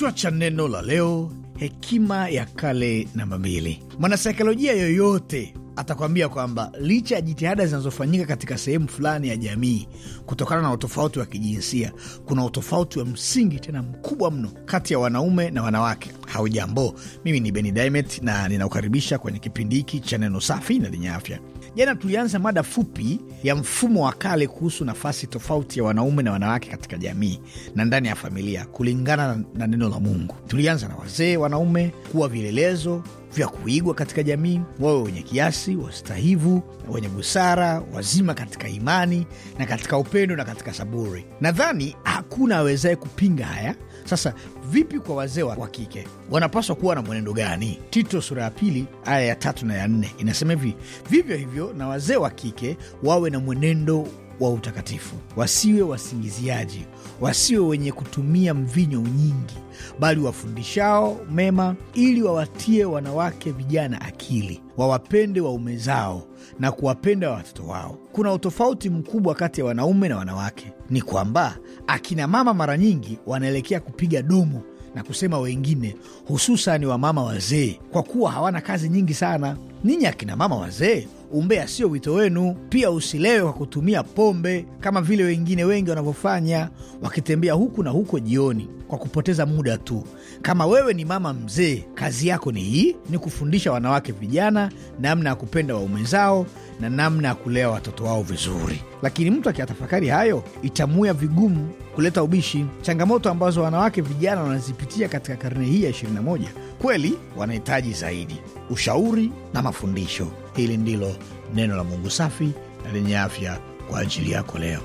Kichwa cha neno la leo: hekima ya kale namba mbili. Mwanasaikolojia yoyote atakwambia kwamba licha ya jitihada zinazofanyika katika sehemu fulani ya jamii kutokana na utofauti wa kijinsia, kuna utofauti wa msingi tena mkubwa mno kati ya wanaume na wanawake. Haujambo, mimi ni Beni Dimet na ninakukaribisha kwenye kipindi hiki cha neno safi na lenye afya. Jana tulianza mada fupi ya mfumo wa kale kuhusu nafasi tofauti ya wanaume na wanawake katika jamii na ndani ya familia kulingana na neno la Mungu. Tulianza na wazee wanaume kuwa vielelezo vya kuigwa katika jamii, wawe wenye kiasi, wastahivu, wenye busara, wazima katika imani na katika upendo na katika saburi. Nadhani hakuna awezaye kupinga haya. Sasa vipi kwa wazee wa kike, wanapaswa kuwa na mwenendo gani? Tito sura ya pili aya ya tatu na ya nne inasema hivi: vivyo hivyo na wazee wa kike wawe na mwenendo wa utakatifu, wasiwe wasingiziaji, wasiwe wenye kutumia mvinyo nyingi, bali wafundishao mema, ili wawatie wanawake vijana akili, wawapende waume zao na kuwapenda watoto wao. Kuna utofauti mkubwa kati ya wanaume na wanawake, ni kwamba akina mama mara nyingi wanaelekea kupiga dumu na kusema wengine, hususan wamama wazee, kwa kuwa hawana kazi nyingi sana. Ninyi akina mama wazee, umbea sio wito wenu. Pia usilewe kwa kutumia pombe kama vile wengine wengi wanavyofanya, wakitembea huku na huko jioni kwa kupoteza muda tu. Kama wewe ni mama mzee, kazi yako ni hii, ni kufundisha wanawake vijana namna ya kupenda waume zao na namna ya kulea watoto wao vizuri. Lakini mtu akiyatafakari hayo, itamuya vigumu kuleta ubishi. Changamoto ambazo wanawake vijana wanazipitia katika karne hii ya 21 kweli wanahitaji zaidi ushauri na mafundisho. Hili ndilo neno la Mungu safi na lenye afya kwa ajili yako leo.